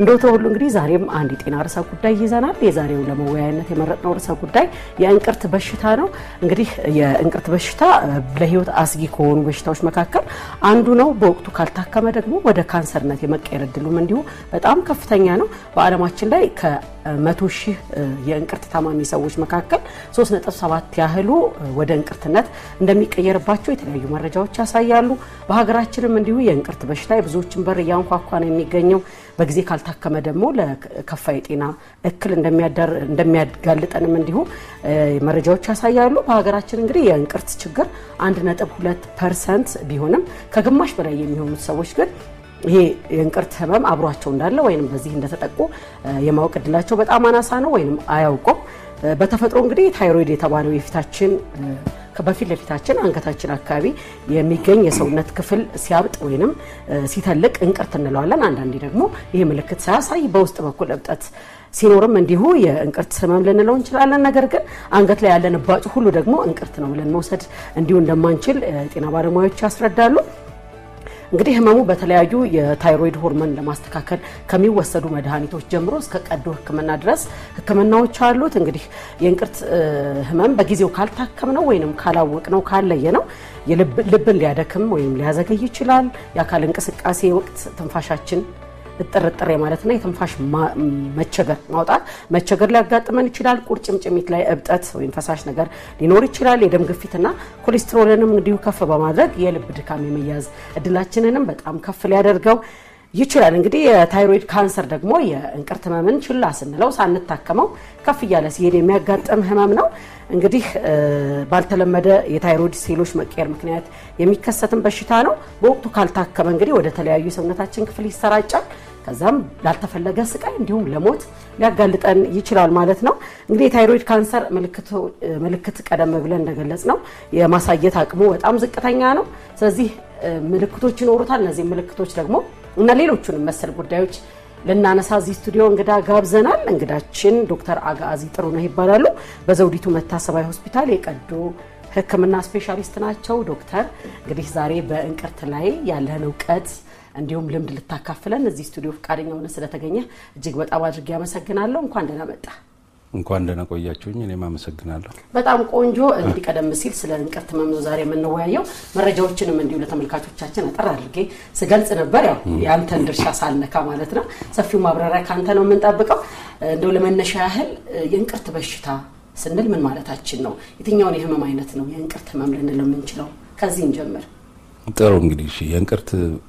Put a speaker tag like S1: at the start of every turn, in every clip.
S1: እንደወትሮ ሁሉ እንግዲህ ዛሬም አንድ የጤና ርዕሰ ጉዳይ ይዘናል። የዛሬው ለመወያየት የመረጥነው ርዕሰ ጉዳይ የእንቅርት በሽታ ነው። እንግዲህ የእንቅርት በሽታ ለህይወት አስጊ ከሆኑ በሽታዎች መካከል አንዱ ነው። በወቅቱ ካልታከመ ደግሞ ወደ ካንሰርነት የመቀየር እድሉም እንዲሁ በጣም ከፍተኛ ነው። በዓለማችን ላይ ከመቶ ሺህ የእንቅርት ታማሚ ሰዎች መካከል 3.7 ያህሉ ወደ እንቅርትነት እንደሚቀየርባቸው የተለያዩ መረጃዎች ያሳያሉ። በሀገራችንም እንዲሁ የእንቅርት በሽታ የብዙዎችን በር እያንኳኳ ነው የሚገኘው በጊዜ ካልታከመ ደግሞ ለከፋ የጤና እክል እንደሚያጋልጠንም እንዲሁ መረጃዎች ያሳያሉ። በሀገራችን እንግዲህ የእንቅርት ችግር 1.2 ፐርሰንት ቢሆንም ከግማሽ በላይ የሚሆኑት ሰዎች ግን ይሄ የእንቅርት ህመም አብሯቸው እንዳለ ወይም በዚህ እንደተጠቁ የማወቅ እድላቸው በጣም አናሳ ነው ወይም አያውቁም። በተፈጥሮ እንግዲህ ታይሮይድ የተባለው የፊታችን በፊት ለፊታችን አንገታችን አካባቢ የሚገኝ የሰውነት ክፍል ሲያብጥ ወይንም ሲተልቅ እንቅርት እንለዋለን። አንዳንዴ ደግሞ ይህ ምልክት ሳያሳይ በውስጥ በኩል እብጠት ሲኖርም እንዲሁ የእንቅርት ህመም ልንለው እንችላለን። ነገር ግን አንገት ላይ ያለን እባጭ ሁሉ ደግሞ እንቅርት ነው ብለን መውሰድ እንዲሁ እንደማንችል ጤና ባለሙያዎች ያስረዳሉ። እንግዲህ ህመሙ በተለያዩ የታይሮይድ ሆርሞን ለማስተካከል ከሚወሰዱ መድኃኒቶች ጀምሮ እስከ ቀዶ ህክምና ድረስ ህክምናዎች አሉት። እንግዲህ የእንቅርት ህመም በጊዜው ካልታከም ነው ወይም ካላወቅ ነው ካለየ ነው ልብን ሊያደክም ወይም ሊያዘገይ ይችላል። የአካል እንቅስቃሴ ወቅት ትንፋሻችን እጥርጥሬ ማለትና የትንፋሽ መቸገር ማውጣት መቸገር ሊያጋጥመን ይችላል። ቁርጭምጭሚት ላይ እብጠት ወይም ፈሳሽ ነገር ሊኖር ይችላል። የደም ግፊትና ኮሌስትሮልንም እንዲሁ ከፍ በማድረግ የልብ ድካም የመያዝ እድላችንንም በጣም ከፍ ሊያደርገው ይችላል። እንግዲህ የታይሮይድ ካንሰር ደግሞ የእንቅርት ህመምን ችላ ስንለው ሳንታከመው ከፍ እያለ ሲሄድ የሚያጋጥም ህመም ነው። እንግዲህ ባልተለመደ የታይሮይድ ሴሎች መቀየር ምክንያት የሚከሰትን በሽታ ነው። በወቅቱ ካልታከመ እንግዲህ ወደ ተለያዩ የሰውነታችን ክፍል ይሰራጫል። ከዛም ላልተፈለገ ስቃይ እንዲሁም ለሞት ሊያጋልጠን ይችላል ማለት ነው። እንግዲህ የታይሮይድ ካንሰር ምልክት ቀደም ብለን እንደገለጽ ነው የማሳየት አቅሙ በጣም ዝቅተኛ ነው። ስለዚህ ምልክቶች ይኖሩታል። እነዚህ ምልክቶች ደግሞ እና ሌሎቹንም መሰል ጉዳዮች ልናነሳ እዚህ ስቱዲዮ እንግዳ ጋብዘናል። እንግዳችን ዶክተር አጋዚ ነው ይባላሉ። በዘውዲቱ መታሰቢያ ሆስፒታል የቀዶ ሕክምና ስፔሻሊስት ናቸው። ዶክተር እንግዲህ ዛሬ በእንቅርት ላይ ያለህን እውቀት እንዲሁም ልምድ ልታካፍለን እዚህ ስቱዲዮ ፈቃደኛ ሆነ ስለተገኘ እጅግ በጣም አድርጌ አመሰግናለሁ። እንኳን ደህና መጣ።
S2: እንኳን ደህና ቆያችሁኝ። እኔም አመሰግናለሁ።
S1: በጣም ቆንጆ። እንዲቀደም ቀደም ሲል ስለ እንቅርት ህመም ነው ዛሬ የምንወያየው። መረጃዎችንም እንዲሁ ለተመልካቾቻችን አጠር አድርጌ ስገልጽ ነበር። ያው የአንተን ድርሻ ሳልነካ ማለት ነው። ሰፊው ማብራሪያ ከአንተ ነው የምንጠብቀው። እንደው ለመነሻ ያህል የእንቅርት በሽታ ስንል ምን ማለታችን ነው? የትኛውን የህመም አይነት ነው የእንቅርት ህመም ልንለው የምንችለው? ከዚህ እንጀምር።
S2: ጥሩ እንግዲህ የእንቅርት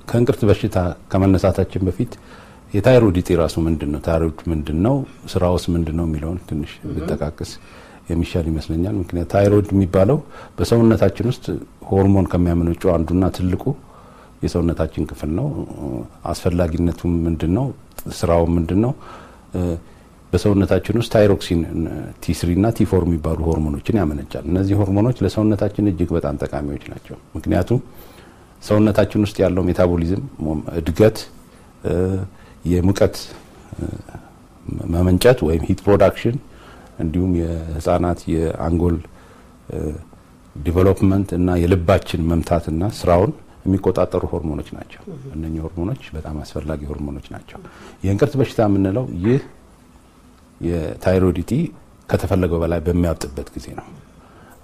S2: ከእንቅርት በሽታ ከመነሳታችን በፊት የታይሮይድ እጢ ራሱ ምንድን ነው፣ ታይሮይድ ምንድን ነው፣ ስራውስ ምንድን ነው የሚለውን ትንሽ ብጠቃቅስ የሚሻል ይመስለኛል። ምክንያት ታይሮይድ የሚባለው በሰውነታችን ውስጥ ሆርሞን ከሚያመነጨው አንዱና ትልቁ የሰውነታችን ክፍል ነው። አስፈላጊነቱ ምንድን ነው፣ ምንድነው ምንድን ነው? በሰውነታችን ውስጥ ታይሮክሲን ቲስሪ እና ቲፎር የሚባሉ ሆርሞኖችን ያመነጫል። እነዚህ ሆርሞኖች ለሰውነታችን እጅግ በጣም ጠቃሚዎች ናቸው። ምክንያቱም ሰውነታችን ውስጥ ያለው ሜታቦሊዝም እድገት የሙቀት መመንጨት ወይም ሂት ፕሮዳክሽን እንዲሁም የህፃናት የአንጎል ዲቨሎፕመንት እና የልባችን መምታትና ስራውን የሚቆጣጠሩ ሆርሞኖች ናቸው። እነኚህ ሆርሞኖች በጣም አስፈላጊ ሆርሞኖች ናቸው። የእንቅርት በሽታ የምንለው ይህ የታይሮዲቲ ከተፈለገው በላይ በሚያብጥበት ጊዜ ነው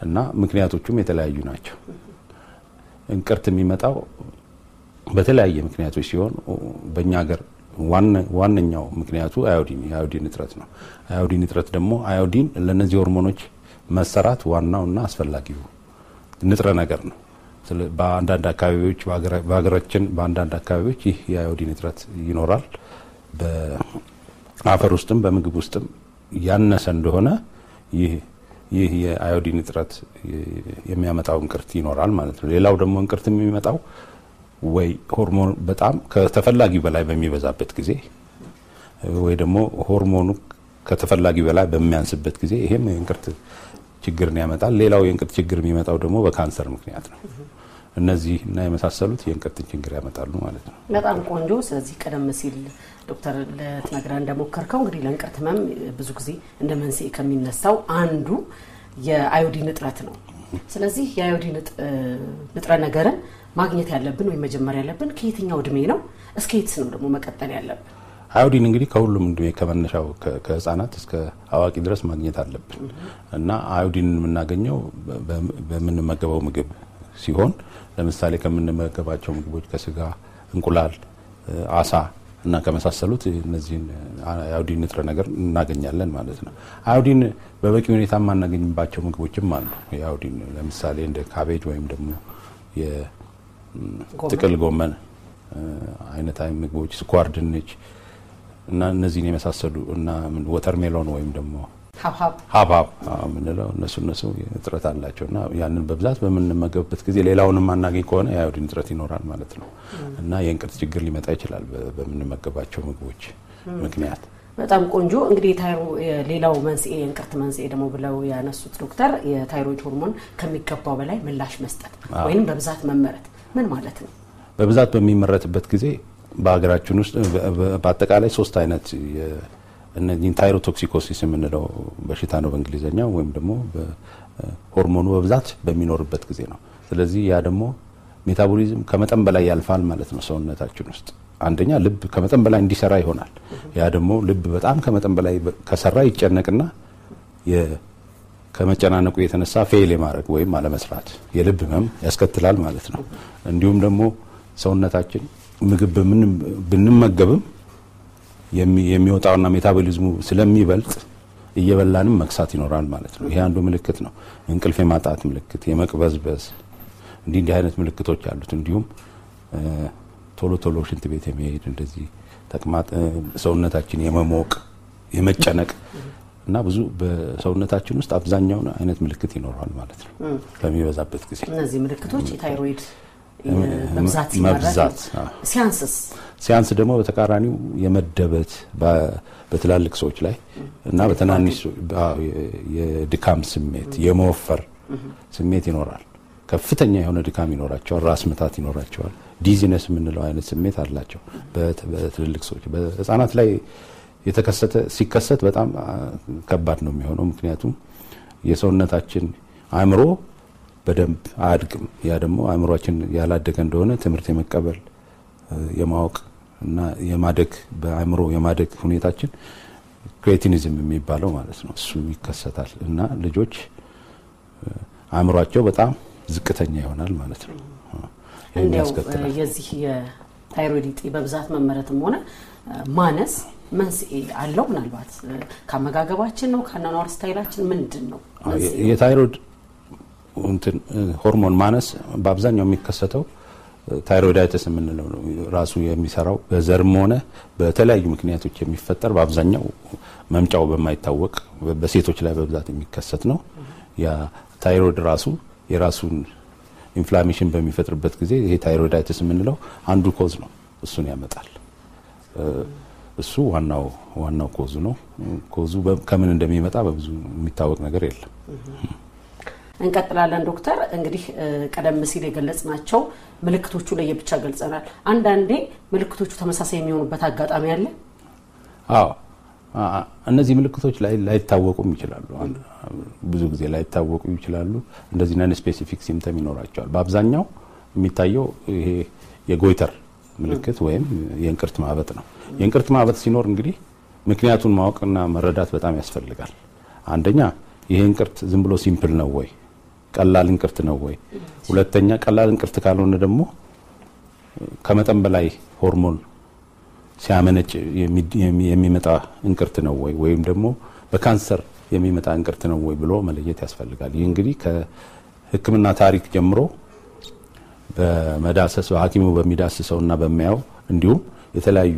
S2: እና ምክንያቶቹም የተለያዩ ናቸው። እንቅርት የሚመጣው በተለያየ ምክንያቶች ሲሆን በእኛ ሀገር ዋነኛው ምክንያቱ አዮዲን የአዮዲን እጥረት ነው። አዮዲን እጥረት ደግሞ አዮዲን ለእነዚህ ሆርሞኖች መሰራት ዋናውና አስፈላጊው ንጥረ ነገር ነው። በአንዳንድ አካባቢዎች በሀገራችን በአንዳንድ አካባቢዎች ይህ የአዮዲን እጥረት ይኖራል። በአፈር ውስጥም በምግብ ውስጥም ያነሰ እንደሆነ ይህ ይህ የአዮዲን እጥረት የሚያመጣው እንቅርት ይኖራል ማለት ነው። ሌላው ደግሞ እንቅርት የሚመጣው ወይ ሆርሞን በጣም ከተፈላጊ በላይ በሚበዛበት ጊዜ ወይ ደግሞ ሆርሞኑ ከተፈላጊ በላይ በሚያንስበት ጊዜ ይሄም የእንቅርት ችግርን ያመጣል። ሌላው የእንቅርት ችግር የሚመጣው ደግሞ በካንሰር ምክንያት ነው። እነዚህ እና የመሳሰሉት የእንቅርትን ችግር ያመጣሉ ማለት ነው።
S1: በጣም ቆንጆ። ስለዚህ ቀደም ሲል ዶክተር ልትነግረን እንደሞከርከው እንግዲህ ለእንቅርት ህመም ብዙ ጊዜ እንደ መንስኤ ከሚነሳው አንዱ የአዮዲን እጥረት ነው። ስለዚህ የአዮዲን ንጥረ ነገርን ማግኘት ያለብን ወይም መጀመር ያለብን ከየትኛው እድሜ ነው? እስከ የትስ ነው ደግሞ መቀጠል ያለብን?
S2: አዮዲን እንግዲህ ከሁሉም እድሜ ከመነሻው ከህጻናት እስከ አዋቂ ድረስ ማግኘት አለብን እና አዮዲን የምናገኘው በምንመገበው ምግብ ሲሆን ለምሳሌ ከምንመገባቸው ምግቦች ከስጋ፣ እንቁላል፣ አሳ እና ከመሳሰሉት እነዚህን አዮዲን ንጥረ ነገር እናገኛለን ማለት ነው። አዮዲን በበቂ ሁኔታ የማናገኝባቸው ምግቦችም አሉ። የአዮዲን ለምሳሌ እንደ ካቤጅ ወይም ደግሞ የጥቅል ጎመን አይነት ምግቦች፣ ስኳር ድንች እና እነዚህን የመሳሰሉ እና ወተር ሜሎን ወይም ደግሞ ሀብሀብ የምንለው እነሱ እነሱ እጥረት አላቸው እና ያንን በብዛት በምንመገብበት ጊዜ ሌላውን የማናገኝ ከሆነ የአዮዲን እጥረት ይኖራል ማለት ነው እና የእንቅርት ችግር ሊመጣ ይችላል በምንመገባቸው ምግቦች
S1: ምክንያት። በጣም ቆንጆ እንግዲህ ሌላው መንስኤ የእንቅርት መንስኤ ደግሞ ብለው ያነሱት ዶክተር የታይሮይድ ሆርሞን ከሚገባው በላይ ምላሽ መስጠት ወይም በብዛት መመረት ምን ማለት ነው?
S2: በብዛት በሚመረትበት ጊዜ በሀገራችን ውስጥ በአጠቃላይ ሶስት አይነት እነዚህን ታይሮቶክሲኮሲስ የምንለው በሽታ ነው በእንግሊዘኛ ወይም ደግሞ ሆርሞኑ በብዛት በሚኖርበት ጊዜ ነው። ስለዚህ ያ ደግሞ ሜታቦሊዝም ከመጠን በላይ ያልፋል ማለት ነው ሰውነታችን ውስጥ አንደኛ ልብ ከመጠን በላይ እንዲሰራ ይሆናል። ያ ደግሞ ልብ በጣም ከመጠን በላይ ከሰራ ይጨነቅና ከመጨናነቁ የተነሳ ፌል የማድረግ ወይም አለመስራት የልብ ህመም ያስከትላል ማለት ነው። እንዲሁም ደግሞ ሰውነታችን ምግብ ብንመገብም የሚወጣውና ሜታቦሊዝሙ ስለሚበልጥ እየበላንም መክሳት ይኖራል ማለት ነው። ይሄ አንዱ ምልክት ነው። እንቅልፍ የማጣት ምልክት፣ የመቅበዝበዝ እንዲህ እንዲህ አይነት ምልክቶች አሉት። እንዲሁም ቶሎ ቶሎ ሽንት ቤት የሚሄድ እንደዚህ ተቅማጥ፣ ሰውነታችን የመሞቅ የመጨነቅ እና ብዙ በሰውነታችን ውስጥ አብዛኛውን አይነት ምልክት ይኖረዋል ማለት ነው በሚበዛበት ጊዜ እነዚህ
S1: ምልክቶች የታይሮይድ መብዛት ሲያንስስ
S2: ሲያንስ ደግሞ በተቃራኒው የመደበት በትላልቅ ሰዎች ላይ እና በትናንሽ የድካም ስሜት የመወፈር ስሜት ይኖራል። ከፍተኛ የሆነ ድካም ይኖራቸዋል። ራስ ምታት ይኖራቸዋል። ዲዚነስ የምንለው አይነት ስሜት አላቸው። በትልልቅ ሰዎች በህፃናት ላይ የተከሰተ ሲከሰት በጣም ከባድ ነው የሚሆነው ምክንያቱም የሰውነታችን አእምሮ በደንብ አያድግም። ያ ደግሞ አእምሯችን ያላደገ እንደሆነ ትምህርት የመቀበል የማወቅ እና የማደግ በአእምሮ የማደግ ሁኔታችን ክሬቲኒዝም የሚባለው ማለት ነው እሱ ይከሰታል እና ልጆች አእምሯቸው በጣም ዝቅተኛ ይሆናል ማለት ነው። ያስከትላል።
S1: የዚህ የታይሮይድ እጢ በብዛት መመረትም ሆነ ማነስ መንስኤ አለው? ምናልባት ከአመጋገባችን ነው? ከአኗኗር ስታይላችን ምንድን ነው?
S2: የታይሮይድ ሆርሞን ማነስ በአብዛኛው የሚከሰተው ታይሮይዳይተስ የምንለው ነው። ራሱ የሚሰራው በዘርም ሆነ በተለያዩ ምክንያቶች የሚፈጠር በአብዛኛው መምጫው በማይታወቅ በሴቶች ላይ በብዛት የሚከሰት ነው። ያ ታይሮይድ ራሱ የራሱን ኢንፍላሜሽን በሚፈጥርበት ጊዜ ይሄ ታይሮይዳይተስ የምንለው አንዱ ኮዝ ነው። እሱን ያመጣል። እሱ ዋናው ዋናው ኮዙ ነው። ኮዙ ከምን እንደሚመጣ በብዙ የሚታወቅ ነገር የለም።
S1: እንቀጥላለን። ዶክተር እንግዲህ ቀደም ሲል የገለጽ ናቸው ምልክቶቹ ለየብቻ ገልጸናል። አንዳንዴ ምልክቶቹ ተመሳሳይ የሚሆኑበት አጋጣሚ አለ።
S2: አዎ እነዚህ ምልክቶች ላይታወቁም ይችላሉ። ብዙ ጊዜ ላይታወቁ ይችላሉ። እንደዚህ ነን ስፔሲፊክ ሲምተም ይኖራቸዋል። በአብዛኛው የሚታየው ይሄ የጎይተር ምልክት ወይም የእንቅርት ማበጥ ነው። የእንቅርት ማበጥ ሲኖር እንግዲህ ምክንያቱን ማወቅና መረዳት በጣም ያስፈልጋል። አንደኛ ይሄ እንቅርት ዝም ብሎ ሲምፕል ነው ወይ ቀላል እንቅርት ነው ወይ? ሁለተኛ ቀላል እንቅርት ካልሆነ ደግሞ ከመጠን በላይ ሆርሞን ሲያመነጭ የሚመጣ እንቅርት ነው ወይ ወይም ደግሞ በካንሰር የሚመጣ እንቅርት ነው ወይ ብሎ መለየት ያስፈልጋል። ይህ እንግዲህ ከሕክምና ታሪክ ጀምሮ በመዳሰስ በሐኪሙ በሚዳስሰው እና በሚያየው እንዲሁም የተለያዩ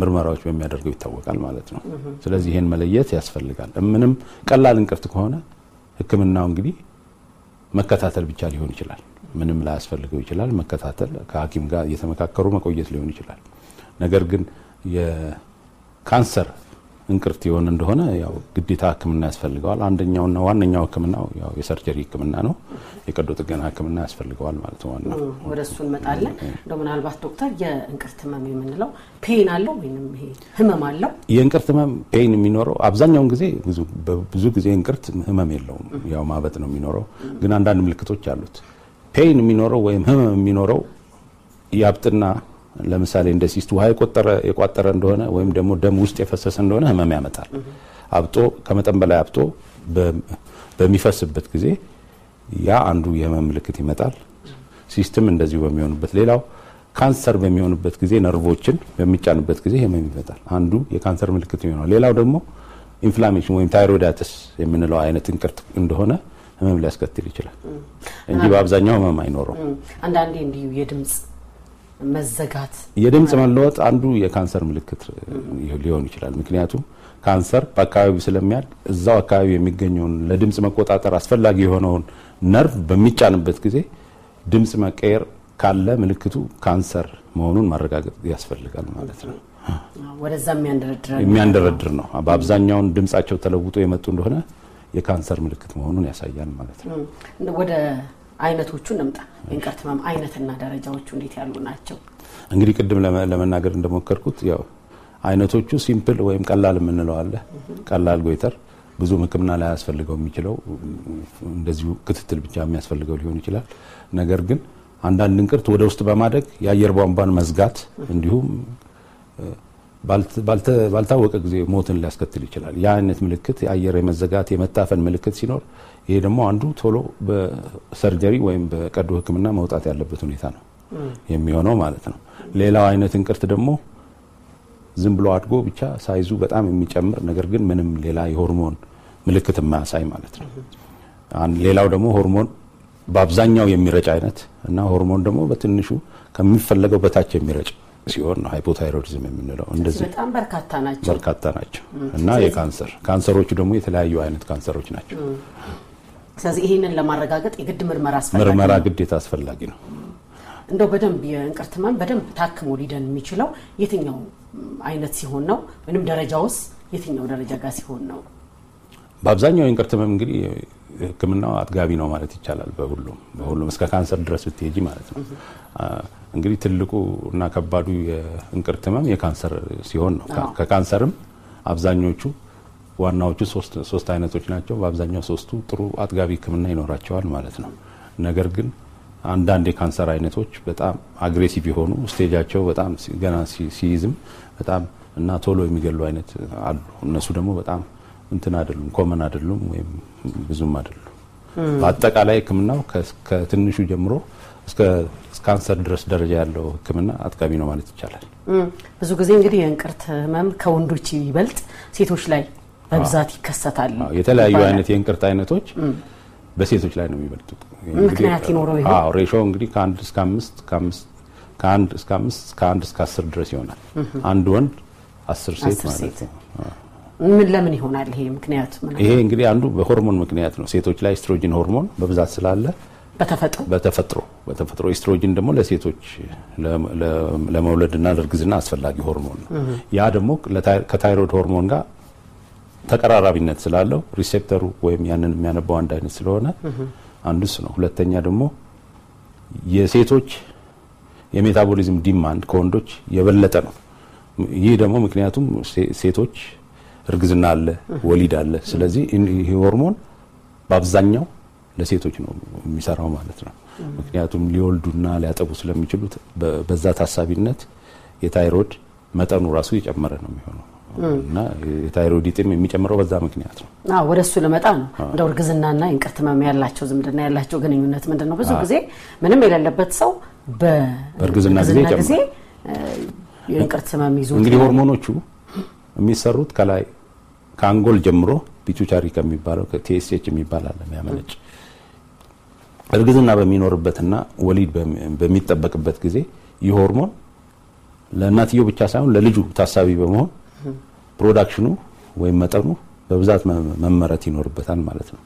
S2: ምርመራዎች በሚያደርገው ይታወቃል ማለት ነው። ስለዚህ ይህን መለየት ያስፈልጋል። ምንም ቀላል እንቅርት ከሆነ ሕክምናው እንግዲህ መከታተል ብቻ ሊሆን ይችላል። ምንም ላያስፈልገው ይችላል። መከታተል ከሐኪም ጋር እየተመካከሩ መቆየት ሊሆን ይችላል። ነገር ግን የካንሰር እንቅርት የሆነ እንደሆነ ያው ግዴታ ሕክምና ያስፈልገዋል። አንደኛውና ዋነኛው ሕክምና ያው የሰርጀሪ ሕክምና ነው። የቀዶ ጥገና ሕክምና ያስፈልገዋል ማለት ነው። ዋናው
S1: ወደ እሱ እንመጣለን። እንደው ምናልባት ዶክተር የእንቅርት ህመም የምንለው ፔን አለው ወይም ይሄ ህመም አለው?
S2: የእንቅርት ህመም ፔን የሚኖረው አብዛኛውን ጊዜ ብዙ ጊዜ እንቅርት ህመም የለውም፣ ያው ማበጥ ነው የሚኖረው። ግን አንዳንድ ምልክቶች አሉት። ፔን የሚኖረው ወይም ህመም የሚኖረው ያብጥና ለምሳሌ እንደ ሲስት ውሃ የቋጠረ እንደሆነ ወይም ደግሞ ደም ውስጥ የፈሰሰ እንደሆነ ህመም ያመጣል። አብጦ ከመጠን በላይ አብጦ በሚፈስበት ጊዜ ያ አንዱ የህመም ምልክት ይመጣል። ሲስትም እንደዚሁ በሚሆንበት፣ ሌላው ካንሰር በሚሆንበት ጊዜ ነርቮችን በሚጫንበት ጊዜ ህመም ይመጣል። አንዱ የካንሰር ምልክት ይሆናል። ሌላው ደግሞ ኢንፍላሜሽን ወይም ታይሮዳይተስ የምንለው አይነት እንቅርት እንደሆነ ህመም ሊያስከትል ይችላል
S1: እንጂ በአብዛኛው ህመም አይኖረው። አንዳንዴ እንዲሁ የድምጽ መዘጋት
S2: የድምጽ መለወጥ አንዱ የካንሰር ምልክት ሊሆን ይችላል። ምክንያቱም ካንሰር በአካባቢው ስለሚያድ እዛው አካባቢ የሚገኘውን ለድምጽ መቆጣጠር አስፈላጊ የሆነውን ነርቭ በሚጫንበት ጊዜ ድምጽ መቀየር ካለ ምልክቱ ካንሰር መሆኑን ማረጋገጥ ያስፈልጋል
S1: ማለት ነው። ወደዛ የሚያንደረድር
S2: ነው። በአብዛኛውን ድምጻቸው ተለውጦ የመጡ እንደሆነ የካንሰር ምልክት መሆኑን ያሳያል ማለት
S1: ነው። አይነቶቹ እንምጣ። የእንቅርት ህመም አይነትና ደረጃዎቹ እንዴት ያሉ ናቸው?
S2: እንግዲህ ቅድም ለመናገር እንደሞከርኩት ያው አይነቶቹ ሲምፕል ወይም ቀላል የምንለው አለ። ቀላል ጎይተር ብዙም ሕክምና ላይ ያስፈልገው የሚችለው እንደዚሁ ክትትል ብቻ የሚያስፈልገው ሊሆን ይችላል። ነገር ግን አንዳንድ እንቅርት ወደ ውስጥ በማደግ የአየር ቧንቧን መዝጋት እንዲሁም ባልታወቀ ጊዜ ሞትን ሊያስከትል ይችላል። ያ አይነት ምልክት የአየር የመዘጋት የመታፈን ምልክት ሲኖር ይሄ ደግሞ አንዱ ቶሎ በሰርጀሪ ወይም በቀዶ ሕክምና መውጣት ያለበት ሁኔታ ነው የሚሆነው ማለት ነው። ሌላው አይነት እንቅርት ደግሞ ዝም ብሎ አድጎ ብቻ ሳይዙ በጣም የሚጨምር ነገር ግን ምንም ሌላ የሆርሞን ምልክት የማያሳይ ማለት ነው። ሌላው ደግሞ ሆርሞን በአብዛኛው የሚረጭ አይነት እና ሆርሞን ደግሞ በትንሹ ከሚፈለገው በታች የሚረጭ ሲሆን ሃይፖታይሮይዲዝም የምንለው እንደዚህ በጣም
S1: በርካታ ናቸው
S2: በርካታ ናቸው እና የካንሰር ካንሰሮቹ ደግሞ የተለያዩ አይነት ካንሰሮች ናቸው።
S1: ስለዚህ ይህንን ለማረጋገጥ የግድ ምርመራ አስፈላጊ ምርመራ
S2: ግዴታ አስፈላጊ ነው።
S1: እንደው በደንብ የእንቅርት ህመም በደንብ ታክሞ ሊደን የሚችለው የትኛው አይነት ሲሆን ነው? ወይም ደረጃውስ የትኛው ደረጃ ጋር ሲሆን ነው?
S2: በአብዛኛው የእንቅርት ህመም እንግዲህ ህክምናው አጥጋቢ ነው ማለት ይቻላል። በሁሉም በሁሉም እስከ ካንሰር ድረስ ብትሄጂ ማለት ነው። እንግዲህ ትልቁ እና ከባዱ የእንቅርት ህመም የካንሰር ሲሆን ነው። ከካንሰርም አብዛኞቹ ዋናዎቹ ሶስት አይነቶች ናቸው። በአብዛኛው ሶስቱ ጥሩ አጥጋቢ ህክምና ይኖራቸዋል ማለት ነው። ነገር ግን አንዳንድ የካንሰር አይነቶች በጣም አግሬሲቭ የሆኑ ስቴጃቸው በጣም ገና ሲይዝም በጣም እና ቶሎ የሚገሉ አይነት አሉ። እነሱ ደግሞ በጣም እንትን አይደሉም፣ ኮመን አይደሉም፣ ወይም ብዙም አይደሉም። በአጠቃላይ ህክምናው ከትንሹ ጀምሮ እስከ ካንሰር ድረስ ደረጃ ያለው ሕክምና አጥቃሚ ነው ማለት ይቻላል።
S1: ብዙ ጊዜ እንግዲህ የእንቅርት ህመም ከወንዶች ይበልጥ ሴቶች ላይ በብዛት ይከሰታል። የተለያዩ አይነት
S2: የእንቅርት አይነቶች በሴቶች ላይ ነው የሚበልጡት። ምክንያት ይኖረው ይሆን? ሬሾ እንግዲህ ከአንድ እስከ አምስት ከአንድ እስከ አምስት ከአንድ እስከ አስር ድረስ ይሆናል። አንድ ወንድ አስር ሴት ማለት ነው።
S1: ምን ለምን ይሆናል ይሄ ምክንያት? ይሄ
S2: እንግዲህ አንዱ በሆርሞን ምክንያት ነው። ሴቶች ላይ ኤስትሮጂን ሆርሞን በብዛት ስላለ በተፈጥሮ በተፈጥሮ በተፈጥሮ ደግሞ ለሴቶች ለመውለድና ለእርግዝና አስፈላጊ ሆርሞን ነው። ያ ደግሞ ከታይሮይድ ሆርሞን ጋር ተቀራራቢነት ስላለው ሪሴፕተሩ ወይም ያንን የሚያነባው አንድ አይነት ስለሆነ አንዱ እሱ ነው። ሁለተኛ ደግሞ የሴቶች የሜታቦሊዝም ዲማንድ ከወንዶች የበለጠ ነው። ይህ ደግሞ ምክንያቱም ሴቶች እርግዝና አለ፣ ወሊድ አለ። ስለዚህ ይህ ሆርሞን በአብዛኛው ለሴቶች ነው የሚሰራው ማለት ነው። ምክንያቱም ሊወልዱና ሊያጠቡ ስለሚችሉት በዛ ታሳቢነት የታይሮድ መጠኑ ራሱ የጨመረ ነው የሚሆነው እና የታይሮይድ እጢም የሚጨምረው በዛ ምክንያት
S1: ነው። አዎ ወደ እሱ ልመጣ ነው። እንደ እርግዝናና የእንቅርት ህመም ያላቸው ዝምድና ያላቸው ግንኙነት ምንድን ነው? ብዙ ጊዜ ምንም የሌለበት ሰው
S2: በእርግዝና ጊዜ
S1: የእንቅርት ህመም ይዞ እንግዲህ ሆርሞኖቹ
S2: የሚሰሩት ከላይ ከአንጎል ጀምሮ ፒቱቻሪ ከሚባለው ከቲኤስኤች የሚባል አለ የሚያመነጭ እርግዝና በሚኖርበትና ወሊድ በሚጠበቅበት ጊዜ ይህ ሆርሞን ለእናትየው ብቻ ሳይሆን ለልጁ ታሳቢ በመሆን ፕሮዳክሽኑ ወይም መጠኑ በብዛት መመረት ይኖርበታል ማለት ነው።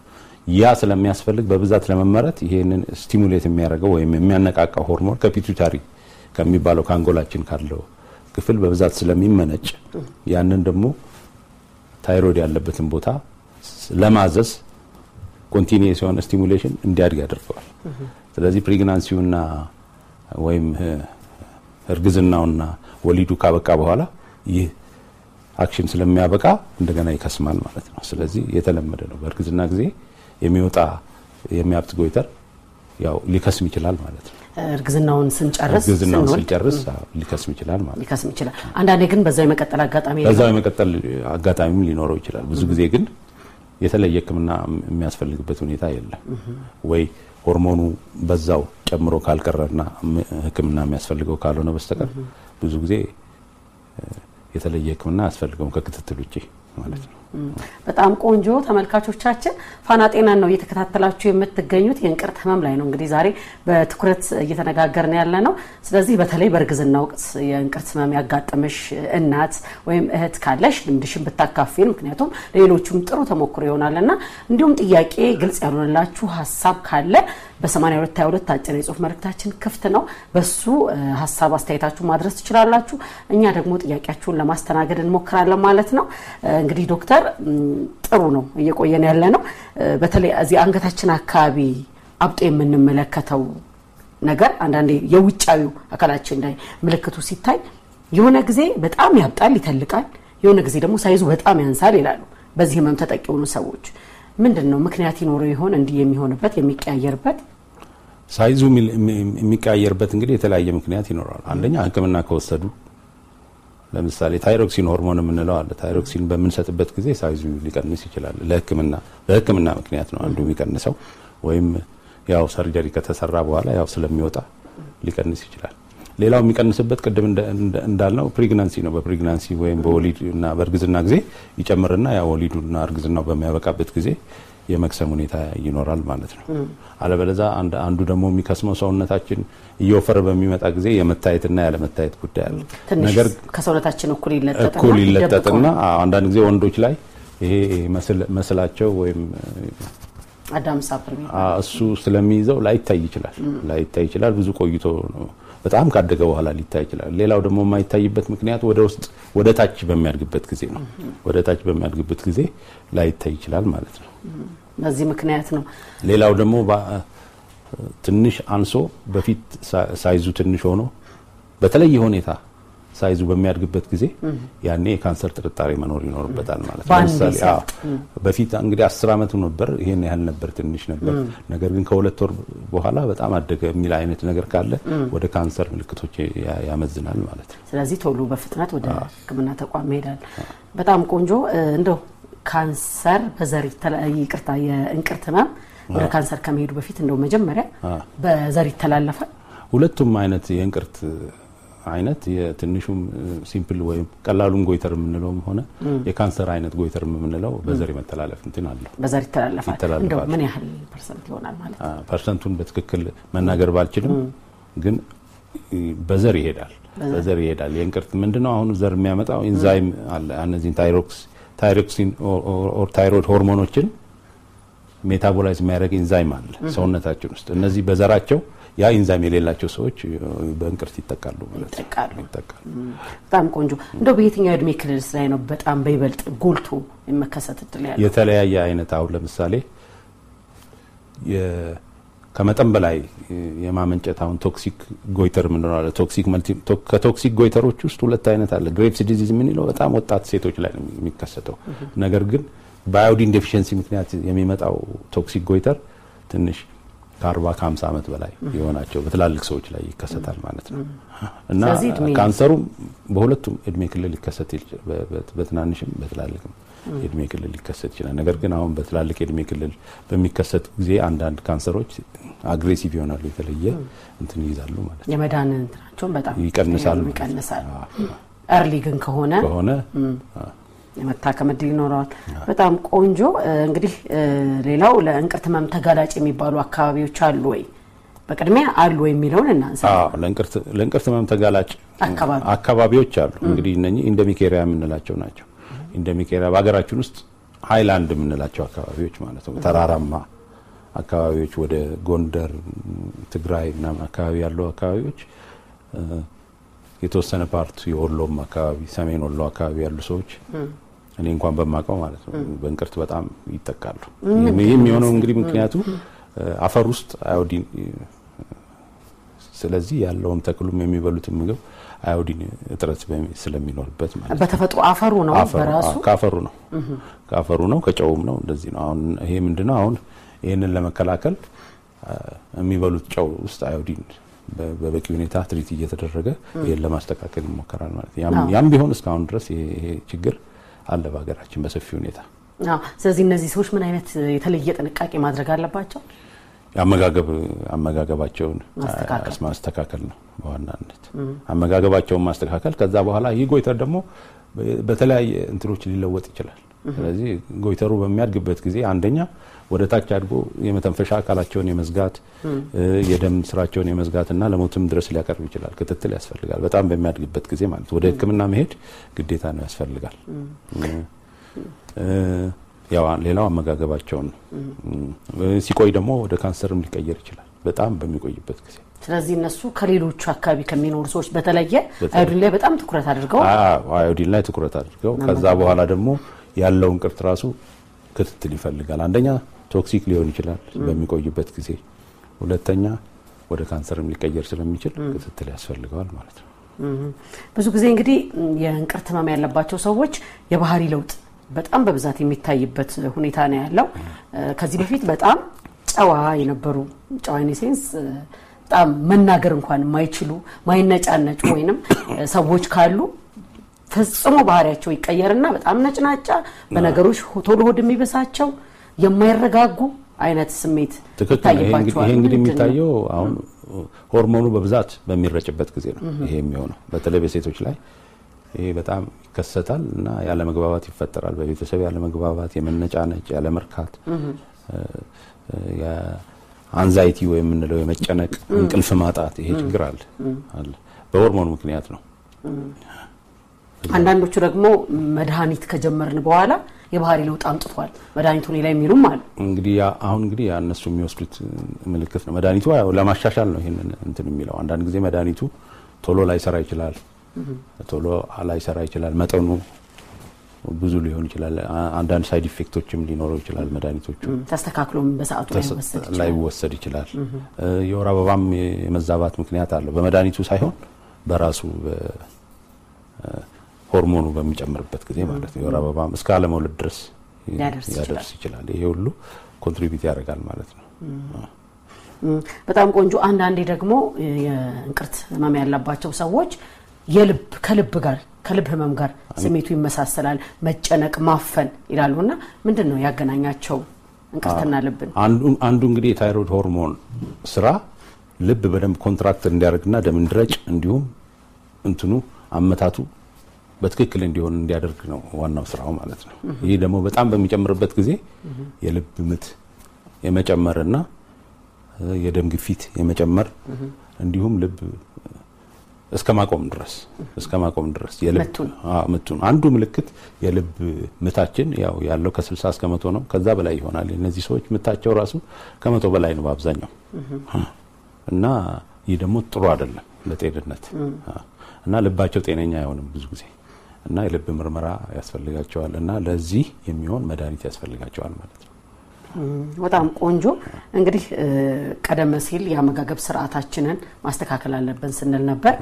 S2: ያ ስለሚያስፈልግ በብዛት ለመመረት ይሄንን ስቲሙሌት የሚያደርገው ወይም የሚያነቃቃው ሆርሞን ከፒቱታሪ ከሚባለው ከአንጎላችን ካለው ክፍል በብዛት ስለሚመነጭ ያንን ደግሞ ታይሮይድ ያለበትን ቦታ ለማዘዝ ኮንቲኒየስ የሆነ ስቲሙሌሽን እንዲያድግ ያደርገዋል። ስለዚህ ፕሬግናንሲውና ወይም እርግዝናውና ወሊዱ ካበቃ በኋላ ይህ አክሽን ስለሚያበቃ እንደገና ይከስማል ማለት ነው። ስለዚህ የተለመደ ነው። በእርግዝና ጊዜ የሚወጣ የሚያብጥ ጎይተር ያው ሊከስም ይችላል ማለት
S1: ነው። እርግዝናውን ስንጨርስ እርግዝናውን ስንጨርስ
S2: ሊከስም ይችላል ማለት
S1: ሊከስም ይችላል። አንዳንዴ ግን በዛው የመቀጠል አጋጣሚ በዛው
S2: የመቀጠል አጋጣሚም ሊኖረው ይችላል። ብዙ ጊዜ ግን የተለየ ሕክምና የሚያስፈልግበት ሁኔታ የለም ወይ ሆርሞኑ በዛው ጨምሮ ካልቀረና ሕክምና የሚያስፈልገው ካልሆነ በስተቀር ብዙ ጊዜ የተለየ ሕክምና አያስፈልገውም ከክትትል ውጭ
S1: ማለት ነው። በጣም ቆንጆ ተመልካቾቻችን፣ ፋና ጤናን ነው እየተከታተላችሁ የምትገኙት። የእንቅርት ህመም ላይ ነው እንግዲህ ዛሬ በትኩረት እየተነጋገርን ያለ ነው። ስለዚህ በተለይ በእርግዝና ወቅት የእንቅርት ህመም ያጋጠመሽ እናት ወይም እህት ካለሽ ልምድሽን ብታካፊን፣ ምክንያቱም ሌሎቹም ጥሩ ተሞክሮ ይሆናል እና እንዲሁም ጥያቄ ግልጽ ያልሆነላችሁ ሀሳብ ካለ በ8222 አጭር የጽሁፍ መልእክታችን ክፍት ነው። በሱ ሀሳብ አስተያየታችሁ ማድረስ ትችላላችሁ። እኛ ደግሞ ጥያቄያችሁን ለማስተናገድ እንሞክራለን ማለት ነው። እንግዲህ ዶክተር ነገር ጥሩ ነው፣ እየቆየን ያለ ነው። በተለይ እዚህ አንገታችን አካባቢ አብጦ የምንመለከተው ነገር አንዳንዴ የውጫዊው አካላችን ላይ ምልክቱ ሲታይ የሆነ ጊዜ በጣም ያብጣል፣ ይተልቃል፣ የሆነ ጊዜ ደግሞ ሳይዙ በጣም ያንሳል ይላሉ። በዚህ ህመም ተጠቂ የሆኑ ሰዎች ምንድን ነው ምክንያት ይኖረው ይሆን እንዲህ የሚሆንበት የሚቀያየርበት?
S2: ሳይዙ የሚቀያየርበት እንግዲህ የተለያየ ምክንያት ይኖረዋል። አንደኛ ህክምና ከወሰዱ ለምሳሌ ታይሮክሲን ሆርሞን የምንለው አለ። ታይሮክሲን በምንሰጥበት ጊዜ ሳይዙ ሊቀንስ ይችላል። ለህክምና ለህክምና ምክንያት ነው አንዱ የሚቀንሰው ወይም ያው ሰርጀሪ ከተሰራ በኋላ ያው ስለሚወጣ ሊቀንስ ይችላል። ሌላው የሚቀንስበት ቅድም እንዳልነው ፕሬግናንሲ ነው። በፕሬግናንሲ ወይም በወሊድ እና በእርግዝና ጊዜ ይጨምርና ያ ወሊዱና እርግዝናው በሚያበቃበት ጊዜ የመክሰም ሁኔታ ይኖራል ማለት ነው። አለበለዛ አንዱ ደግሞ የሚከስመው ሰውነታችን እየወፈረ በሚመጣ ጊዜ የመታየትና ያለመታየት ጉዳይ አለ። ነገር
S1: ከሰውነታችን እኩል ይለጠጥና
S2: አንዳንድ ጊዜ ወንዶች ላይ ይሄ መስላቸው ወይም አዳም እሱ ስለሚይዘው ላይታይ ይችላል ላይታይ ይችላል። ብዙ ቆይቶ ነው በጣም ካደገ በኋላ ሊታይ ይችላል። ሌላው ደግሞ የማይታይበት ምክንያት ወደ ውስጥ ወደ ታች በሚያድግበት ጊዜ ነው። ወደ ታች በሚያድግበት ጊዜ ላይታይ ይችላል ማለት ነው።
S1: በዚህ ምክንያት ነው።
S2: ሌላው ደግሞ ትንሽ አንሶ በፊት ሳይዙ ትንሽ ሆኖ በተለየ ሁኔታ ሳይዙ በሚያድግበት ጊዜ ያኔ የካንሰር ጥርጣሬ መኖር ይኖርበታል ማለት ነው። ለምሳሌ በፊት እንግዲህ አስር ዓመቱ ነበር፣ ይሄን ያህል ነበር፣ ትንሽ ነበር፣ ነገር ግን ከሁለት ወር በኋላ በጣም አደገ የሚል አይነት ነገር ካለ ወደ ካንሰር ምልክቶች ያመዝናል ማለት
S1: ነው። ስለዚህ ቶሎ በፍጥነት ወደ ሕክምና ተቋም ይሄዳል። በጣም ቆንጆ እንደው ካንሰር በዘር ይቅርታ፣ የእንቅርት ህመም ወደ ካንሰር ከመሄዱ በፊት እንደው መጀመሪያ በዘር ይተላለፋል።
S2: ሁለቱም አይነት የእንቅርት አይነት የትንሹም ሲምፕል ወይም ቀላሉም ጎይተር የምንለውም ሆነ የካንሰር አይነት ጎይተር የምንለው በዘር የመተላለፍ እንትን አለው። በዘር ይተላለፋል። እንደው ምን
S1: ያህል ፐርሰንት ይሆናል ማለት ነው?
S2: ፐርሰንቱን በትክክል መናገር ባልችልም ግን በዘር ይሄዳል። በዘር ይሄዳል። የእንቅርት ምንድነው አሁን ዘር የሚያመጣው ኢንዛይም አለ እነዚህን ታይሮክስ ታይሮክሲን ኦር ታይሮይድ ሆርሞኖችን ሜታቦላይዝ የሚያደርግ ኢንዛይም አለ ሰውነታችን ውስጥ። እነዚህ በዘራቸው ያ ኢንዛይም የሌላቸው ሰዎች በእንቅርት ይጠቃሉ ማለት ነው።
S1: በጣም ቆንጆ። እንደው በየትኛው እድሜ ክልል ላይ ነው በጣም በይበልጥ ጎልቶ የመከሰት እድል ያለው? የተለያየ
S2: አይነት አሁን ለምሳሌ ከመጠን በላይ የማመንጨት አሁን ቶክሲክ ጎይተር ምንለ ከቶክሲክ ጎይተሮች ውስጥ ሁለት አይነት አለ። ግሬቭስ ዲዚዝ የምንለው በጣም ወጣት ሴቶች ላይ ነው የሚከሰተው። ነገር ግን በአዮዲን ዴፊሽንሲ ምክንያት የሚመጣው ቶክሲክ ጎይተር ትንሽ ከአርባ ከሀምሳ ዓመት በላይ የሆናቸው በትላልቅ ሰዎች ላይ ይከሰታል ማለት ነው እና ካንሰሩም በሁለቱም እድሜ ክልል ይከሰት በትናንሽም በትላልቅም የእድሜ ክልል ሊከሰት ይችላል። ነገር ግን አሁን በትላልቅ የእድሜ ክልል በሚከሰት ጊዜ አንዳንድ ካንሰሮች አግሬሲቭ ይሆናሉ፣ የተለየ እንትን ይይዛሉ ማለት
S1: ነው። የመዳን እንትናቸውን በጣም ይቀንሳሉ። እርሊ ግን ከሆነ ከሆነ የመታከም እድል ይኖረዋል። በጣም ቆንጆ። እንግዲህ ሌላው ለእንቅርት ህመም ተጋላጭ የሚባሉ አካባቢዎች አሉ ወይ? በቅድሚያ አሉ የሚለውን እናንሳ።
S2: ለእንቅርት ህመም ተጋላጭ አካባቢዎች አሉ። እንግዲህ እነኚህ ኢንደሚክ ኤሪያ የምንላቸው ናቸው። እንደ ሚካኤላ በሀገራችን ውስጥ ሀይላንድ የምንላቸው አካባቢዎች ማለት ነው። ተራራማ አካባቢዎች ወደ ጎንደር፣ ትግራይ ምናምን አካባቢ ያሉ አካባቢዎች የተወሰነ ፓርት የወሎም አካባቢ ሰሜን ወሎ አካባቢ ያሉ ሰዎች እኔ እንኳን በማውቀው ማለት ነው በእንቅርት በጣም ይጠቃሉ። ይህ የሆነው እንግዲህ ምክንያቱ አፈር ውስጥ አዮዲን ስለዚህ ያለውን ተክሉም የሚበሉትን ምግብ አዮዲን እጥረት ስለሚኖርበት ማለት በተፈጥሮ
S1: አፈሩ ነው በራሱ ካፈሩ
S2: ነው ካፈሩ ነው ከጨውም ነው እንደዚህ ነው። አሁን ይሄ ምንድነው? አሁን ይህንን ለመከላከል የሚበሉት ጨው ውስጥ አዮዲን በበቂ ሁኔታ ትሪት እየተደረገ ይህን ለማስተካከል ይሞከራል ማለት ያም ቢሆን እስካሁን ድረስ ይሄ ችግር አለ በሀገራችን በሰፊ ሁኔታ።
S1: ስለዚህ እነዚህ ሰዎች ምን አይነት የተለየ ጥንቃቄ ማድረግ አለባቸው?
S2: የአመጋገብ አመጋገባቸውን ማስተካከል ነው በዋናነት አመጋገባቸውን ማስተካከል። ከዛ በኋላ ይህ ጎይተር ደግሞ በተለያየ እንትኖች ሊለወጥ ይችላል። ስለዚህ ጎይተሩ በሚያድግበት ጊዜ አንደኛ ወደ ታች አድጎ የመተንፈሻ አካላቸውን የመዝጋት የደም ስራቸውን የመዝጋትና ለሞትም ድረስ ሊያቀርብ ይችላል። ክትትል ያስፈልጋል። በጣም በሚያድግበት ጊዜ ማለት ወደ ሕክምና መሄድ ግዴታ ነው ያስፈልጋል። ያው ሌላው አመጋገባቸውን ነው። ሲቆይ ደግሞ ወደ ካንሰርም ሊቀየር ይችላል በጣም በሚቆይበት ጊዜ።
S1: ስለዚህ እነሱ ከሌሎቹ አካባቢ ከሚኖሩ ሰዎች በተለየ አዮዲን ላይ በጣም ትኩረት አድርገው
S2: አዮዲን ላይ ትኩረት አድርገው ከዛ በኋላ ደግሞ ያለው እንቅርት ራሱ ክትትል ይፈልጋል። አንደኛ ቶክሲክ ሊሆን ይችላል በሚቆይበት ጊዜ፣ ሁለተኛ ወደ ካንሰርም ሊቀየር ስለሚችል ክትትል ያስፈልገዋል ማለት ነው።
S1: ብዙ ጊዜ እንግዲህ የእንቅርት ህመም ያለባቸው ሰዎች የባህሪ ለውጥ በጣም በብዛት የሚታይበት ሁኔታ ነው ያለው። ከዚህ በፊት በጣም ጨዋ የነበሩ ጨዋ ሴንስ በጣም መናገር እንኳን የማይችሉ ማይነጫነጩ ወይንም ሰዎች ካሉ ፈጽሞ ባህሪያቸው ይቀየርና በጣም ነጭናጫ፣ በነገሮች ቶሎ ሆድ የሚበሳቸው የማይረጋጉ አይነት ስሜት ይታይባቸዋል። ይሄ እንግዲህ የሚታየው
S2: አሁን ሆርሞኑ በብዛት በሚረጭበት ጊዜ ነው ይሄ የሚሆነው በተለይ በሴቶች ላይ ይሄ በጣም ይከሰታል እና ያለ መግባባት ይፈጠራል። በቤተሰብ ያለመግባባት፣ የመነጫነጭ፣ ያለመርካት፣ አንዛይቲ ወይም የምንለው የመጨነቅ እንቅልፍ ማጣት ይሄ ችግር አለ አለ በሆርሞን ምክንያት ነው።
S1: አንዳንዶቹ ደግሞ መድኃኒት ከጀመርን በኋላ የባህሪ ለውጥ አምጥቷል መድኃኒቱ እኔ ላይ የሚሉም አሉ።
S2: እንግዲህ አሁን እንግዲህ እነሱ የሚወስዱት ምልክት ነው። መድኃኒቱ ለማሻሻል ነው ይህንን እንትን የሚለው አንዳንድ ጊዜ መድኃኒቱ ቶሎ ላይሰራ ይችላል። ቶሎ ላይሰራ ይችላል። መጠኑ ብዙ ሊሆን ይችላል። አንዳንድ ሳይድ ኢፌክቶችም ሊኖረው ይችላል። መድኃኒቶቹ
S1: ተስተካክሎም በሰዓቱ
S2: ላይወሰድ ይችላል። የወር አበባም የመዛባት ምክንያት አለው። በመድኃኒቱ ሳይሆን በራሱ ሆርሞኑ በሚጨምርበት ጊዜ ማለት ነው። የወር አበባም እስከ አለመውለድ ድረስ ያደርስ ይችላል። ይሄ ሁሉ ኮንትሪቢዩት ያደርጋል ማለት ነው።
S1: በጣም ቆንጆ። አንዳንዴ ደግሞ የእንቅርት ህመም ያለባቸው ሰዎች የልብ ከልብ ጋር ከልብ ህመም ጋር ስሜቱ ይመሳሰላል። መጨነቅ፣ ማፈን ይላሉና ምንድን ነው ያገናኛቸው እንቅርትና ልብን?
S2: አንዱ እንግዲህ የታይሮድ ሆርሞን ስራ ልብ በደንብ ኮንትራክት እንዲያደርግና ደም እንዲሁም እንትኑ አመታቱ በትክክል እንዲሆን እንዲያደርግ ነው ዋናው ስራው ማለት ነው። ይህ ደግሞ በጣም በሚጨምርበት ጊዜ የልብ ምት የመጨመርና የደም ግፊት የመጨመር እንዲሁም ልብ እስከ ማቆም ድረስ እስከ ማቆም ድረስ የልብ ምቱን አንዱ ምልክት የልብ ምታችን ያው ያለው ከ60 እስከ መቶ ነው። ከዛ በላይ ይሆናል። እነዚህ ሰዎች ምታቸው ራሱ ከመቶ በላይ ነው በአብዛኛው እና ይህ ደግሞ ጥሩ አይደለም ለጤንነት እና ልባቸው ጤነኛ አይሆንም ብዙ ጊዜ እና የልብ ምርመራ ያስፈልጋቸዋል እና ለዚህ የሚሆን መድኃኒት ያስፈልጋቸዋል
S1: ማለት ነው። በጣም ቆንጆ እንግዲህ ቀደም ሲል የአመጋገብ ስርዓታችንን ማስተካከል አለብን ስንል ነበር።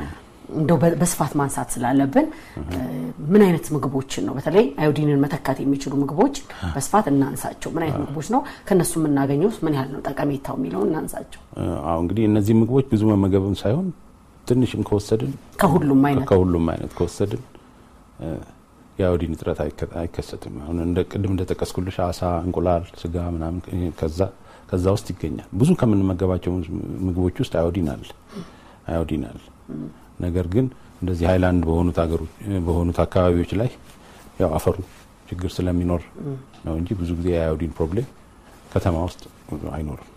S1: እንደው በስፋት ማንሳት ስላለብን ምን አይነት ምግቦችን ነው በተለይ አዮዲንን መተካት የሚችሉ ምግቦች በስፋት እናንሳቸው። ምን አይነት ምግቦች ነው ከእነሱ የምናገኘው ምን ያህል ነው ጠቀሜታው የሚለውን እናንሳቸው።
S2: አዎ እንግዲህ እነዚህ ምግቦች ብዙ መመገብም ሳይሆን ትንሽም ከወሰድን ከሁሉም አይነት ከወሰድን የአዮዲን እጥረት አይከሰትም። አሁን እንደ ቅድም እንደጠቀስኩልሽ አሳ፣ እንቁላል፣ ስጋ ምናምን ከዛ ውስጥ ይገኛል። ብዙ ከምንመገባቸው ምግቦች ውስጥ አዮዲን አለ አዮዲን አለ። ነገር ግን እንደዚህ ሀይላንድ በሆኑት አገሮች በሆኑት አካባቢዎች ላይ ያው አፈሩ ችግር ስለሚኖር ነው እንጂ ብዙ ጊዜ የአዮዲን ፕሮብሌም ከተማ ውስጥ አይኖርም።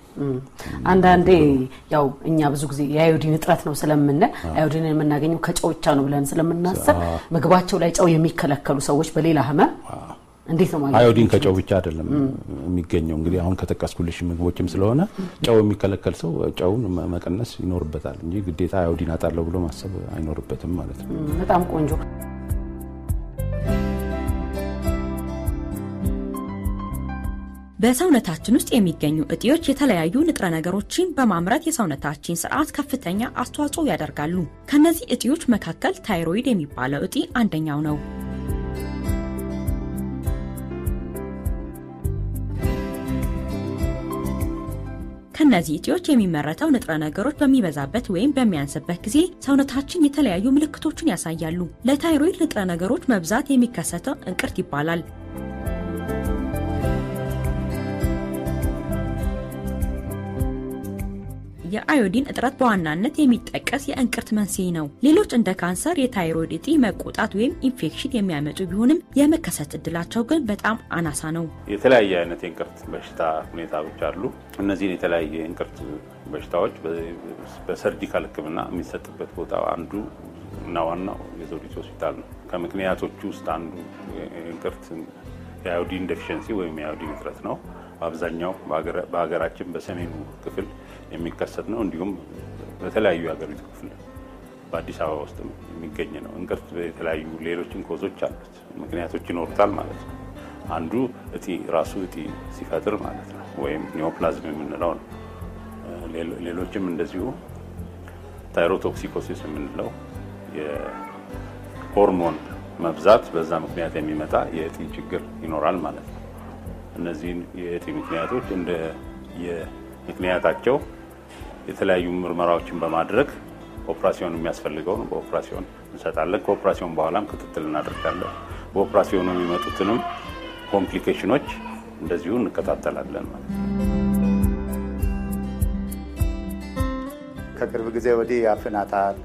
S1: አንዳንዴ ያው እኛ ብዙ ጊዜ የአዮዲን እጥረት ነው ስለምንል አዮዲንን የምናገኘው ከጨው ብቻ ነው ብለን ስለምናስብ ምግባቸው ላይ ጨው የሚከለከሉ ሰዎች በሌላ ህመም እንዴት ነው ማለት አዮዲን ከጨው
S2: ብቻ አይደለም የሚገኘው። እንግዲህ አሁን ከጠቀስኩልሽ ምግቦችም ስለሆነ ጨው የሚከለከል ሰው ጨውን መቀነስ ይኖርበታል እንጂ ግዴታ አዮዲን አጣለው ብሎ ማሰብ አይኖርበትም ማለት ነው።
S1: በጣም ቆንጆ
S3: በሰውነታችን ውስጥ የሚገኙ እጢዎች የተለያዩ ንጥረ ነገሮችን በማምረት የሰውነታችን ስርዓት ከፍተኛ አስተዋጽኦ ያደርጋሉ። ከነዚህ እጢዎች መካከል ታይሮይድ የሚባለው እጢ አንደኛው ነው። ከነዚህ እጢዎች የሚመረተው ንጥረ ነገሮች በሚበዛበት ወይም በሚያንስበት ጊዜ ሰውነታችን የተለያዩ ምልክቶችን ያሳያሉ። ለታይሮይድ ንጥረ ነገሮች መብዛት የሚከሰተው እንቅርት ይባላል። የአዮዲን እጥረት በዋናነት የሚጠቀስ የእንቅርት መንስኤ ነው። ሌሎች እንደ ካንሰር፣ የታይሮይድ እጢ መቆጣት ወይም ኢንፌክሽን የሚያመጡ ቢሆንም የመከሰት እድላቸው ግን በጣም አናሳ ነው።
S2: የተለያየ አይነት የእንቅርት በሽታ ሁኔታዎች አሉ። እነዚህን የተለያየ የእንቅርት በሽታዎች በሰርጂካል ሕክምና የሚሰጥበት ቦታ አንዱ እና ዋናው የዘውዲቱ ሆስፒታል ነው። ከምክንያቶቹ ውስጥ አንዱ እንቅርት የአዮዲን ዴፊሽንሲ ወይም የአዮዲን እጥረት ነው። በአብዛኛው በሀገራችን በሰሜኑ ክፍል የሚከሰት ነው። እንዲሁም በተለያዩ የሀገሪቱ ክፍል በአዲስ አበባ ውስጥም የሚገኝ ነው። እንቅርት የተለያዩ ሌሎችን ኮዞች አሉት፣ ምክንያቶች ይኖሩታል ማለት ነው። አንዱ እጢ ራሱ እጢ ሲፈጥር ማለት ነው፣ ወይም ኒኦፕላዝም የምንለው ነው። ሌሎችም እንደዚሁ ታይሮቶክሲኮሲስ የምንለው የሆርሞን መብዛት በዛ ምክንያት የሚመጣ የእጢ ችግር ይኖራል ማለት ነው። እነዚህን የእጢ ምክንያቶች እንደ የምክንያታቸው የተለያዩ ምርመራዎችን በማድረግ ኦፕራሲዮን የሚያስፈልገው ነው። በኦፕራሲዮን እንሰጣለን። ከኦፕራሲዮን በኋላም ክትትል እናደርጋለን። በኦፕራሲዮኑ የሚመጡትንም ኮምፕሊኬሽኖች እንደዚሁ እንከታተላለን ማለት ነው። ከቅርብ ጊዜ ወዲህ ያፍናታል፣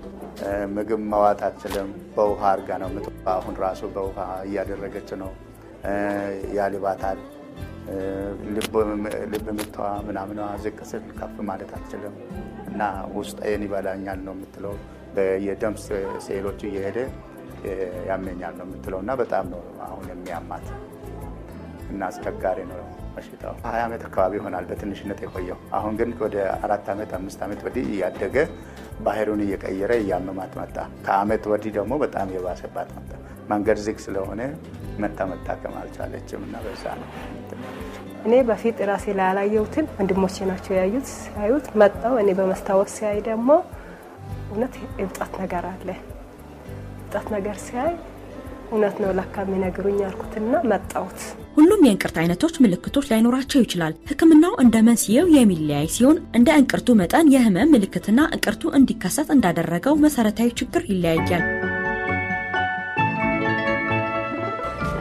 S2: ምግብ መዋጥ አትችልም። በውሃ አድርጋ ነው ምጥ አሁን ራሱ በውሃ እያደረገች ነው ያልባታል። ልብ ምቷ ምናምኗ ዝቅ ስል ከፍ ማለት አትችልም እና ውስጤን ይበላኛል ነው የምትለው። የደም ሴሎች እየሄደ ያመኛል ነው የምትለው እና በጣም ነው አሁን የሚያማት እና አስቸጋሪ ነው በሽታው። ሀያ ዓመት አካባቢ ይሆናል በትንሽነት የቆየው። አሁን ግን ወደ አራት ዓመት አምስት ዓመት ወዲህ እያደገ ባህሩን እየቀየረ እያመማት መጣ። ከዓመት ወዲህ ደግሞ በጣም የባሰባት መጣ። መንገድ ዝግ ስለሆነ መጣ መታከም አልቻለችም እና በዛ ነው።
S1: እኔ በፊት ራሴ ላላየሁትን ወንድሞቼ ናቸው ያዩት። ሲያዩት መጣው እኔ በመስታወት ሲያይ ደግሞ እውነት እብጣት ነገር አለ። እብጣት ነገር ሲያይ እውነት ነው ለካ የሚነግሩኝ ያልኩትና መጣሁት።
S3: ሁሉም የእንቅርት አይነቶች ምልክቶች ላይኖራቸው ይችላል። ሕክምናው እንደ መንስኤው የሚለያይ ሲሆን እንደ እንቅርቱ መጠን የህመም ምልክትና
S1: እንቅርቱ እንዲከሰት እንዳደረገው መሰረታዊ ችግር ይለያያል።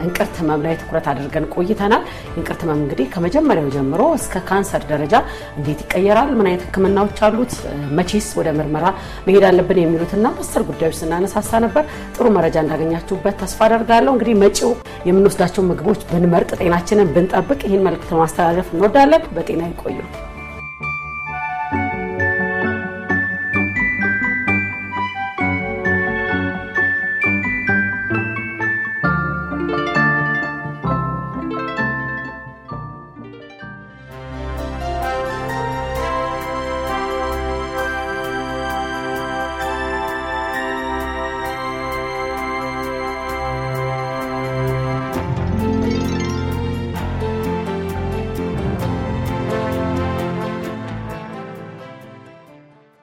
S1: እንቅርት ህመም ላይ ትኩረት አድርገን ቆይተናል። እንቅርት ህመም እንግዲህ ከመጀመሪያው ጀምሮ እስከ ካንሰር ደረጃ እንዴት ይቀየራል፣ ምን አይነት ህክምናዎች አሉት፣ መቼስ ወደ ምርመራ መሄድ አለብን የሚሉትና መሰል ጉዳዮች ስናነሳሳ ነበር። ጥሩ መረጃ እንዳገኛችሁበት ተስፋ አደርጋለሁ። እንግዲህ መጪው የምንወስዳቸው ምግቦች ብንመርጥ፣ ጤናችንን ብንጠብቅ ይህን መልእክት ማስተላለፍ እንወዳለን። በጤና ይቆዩ።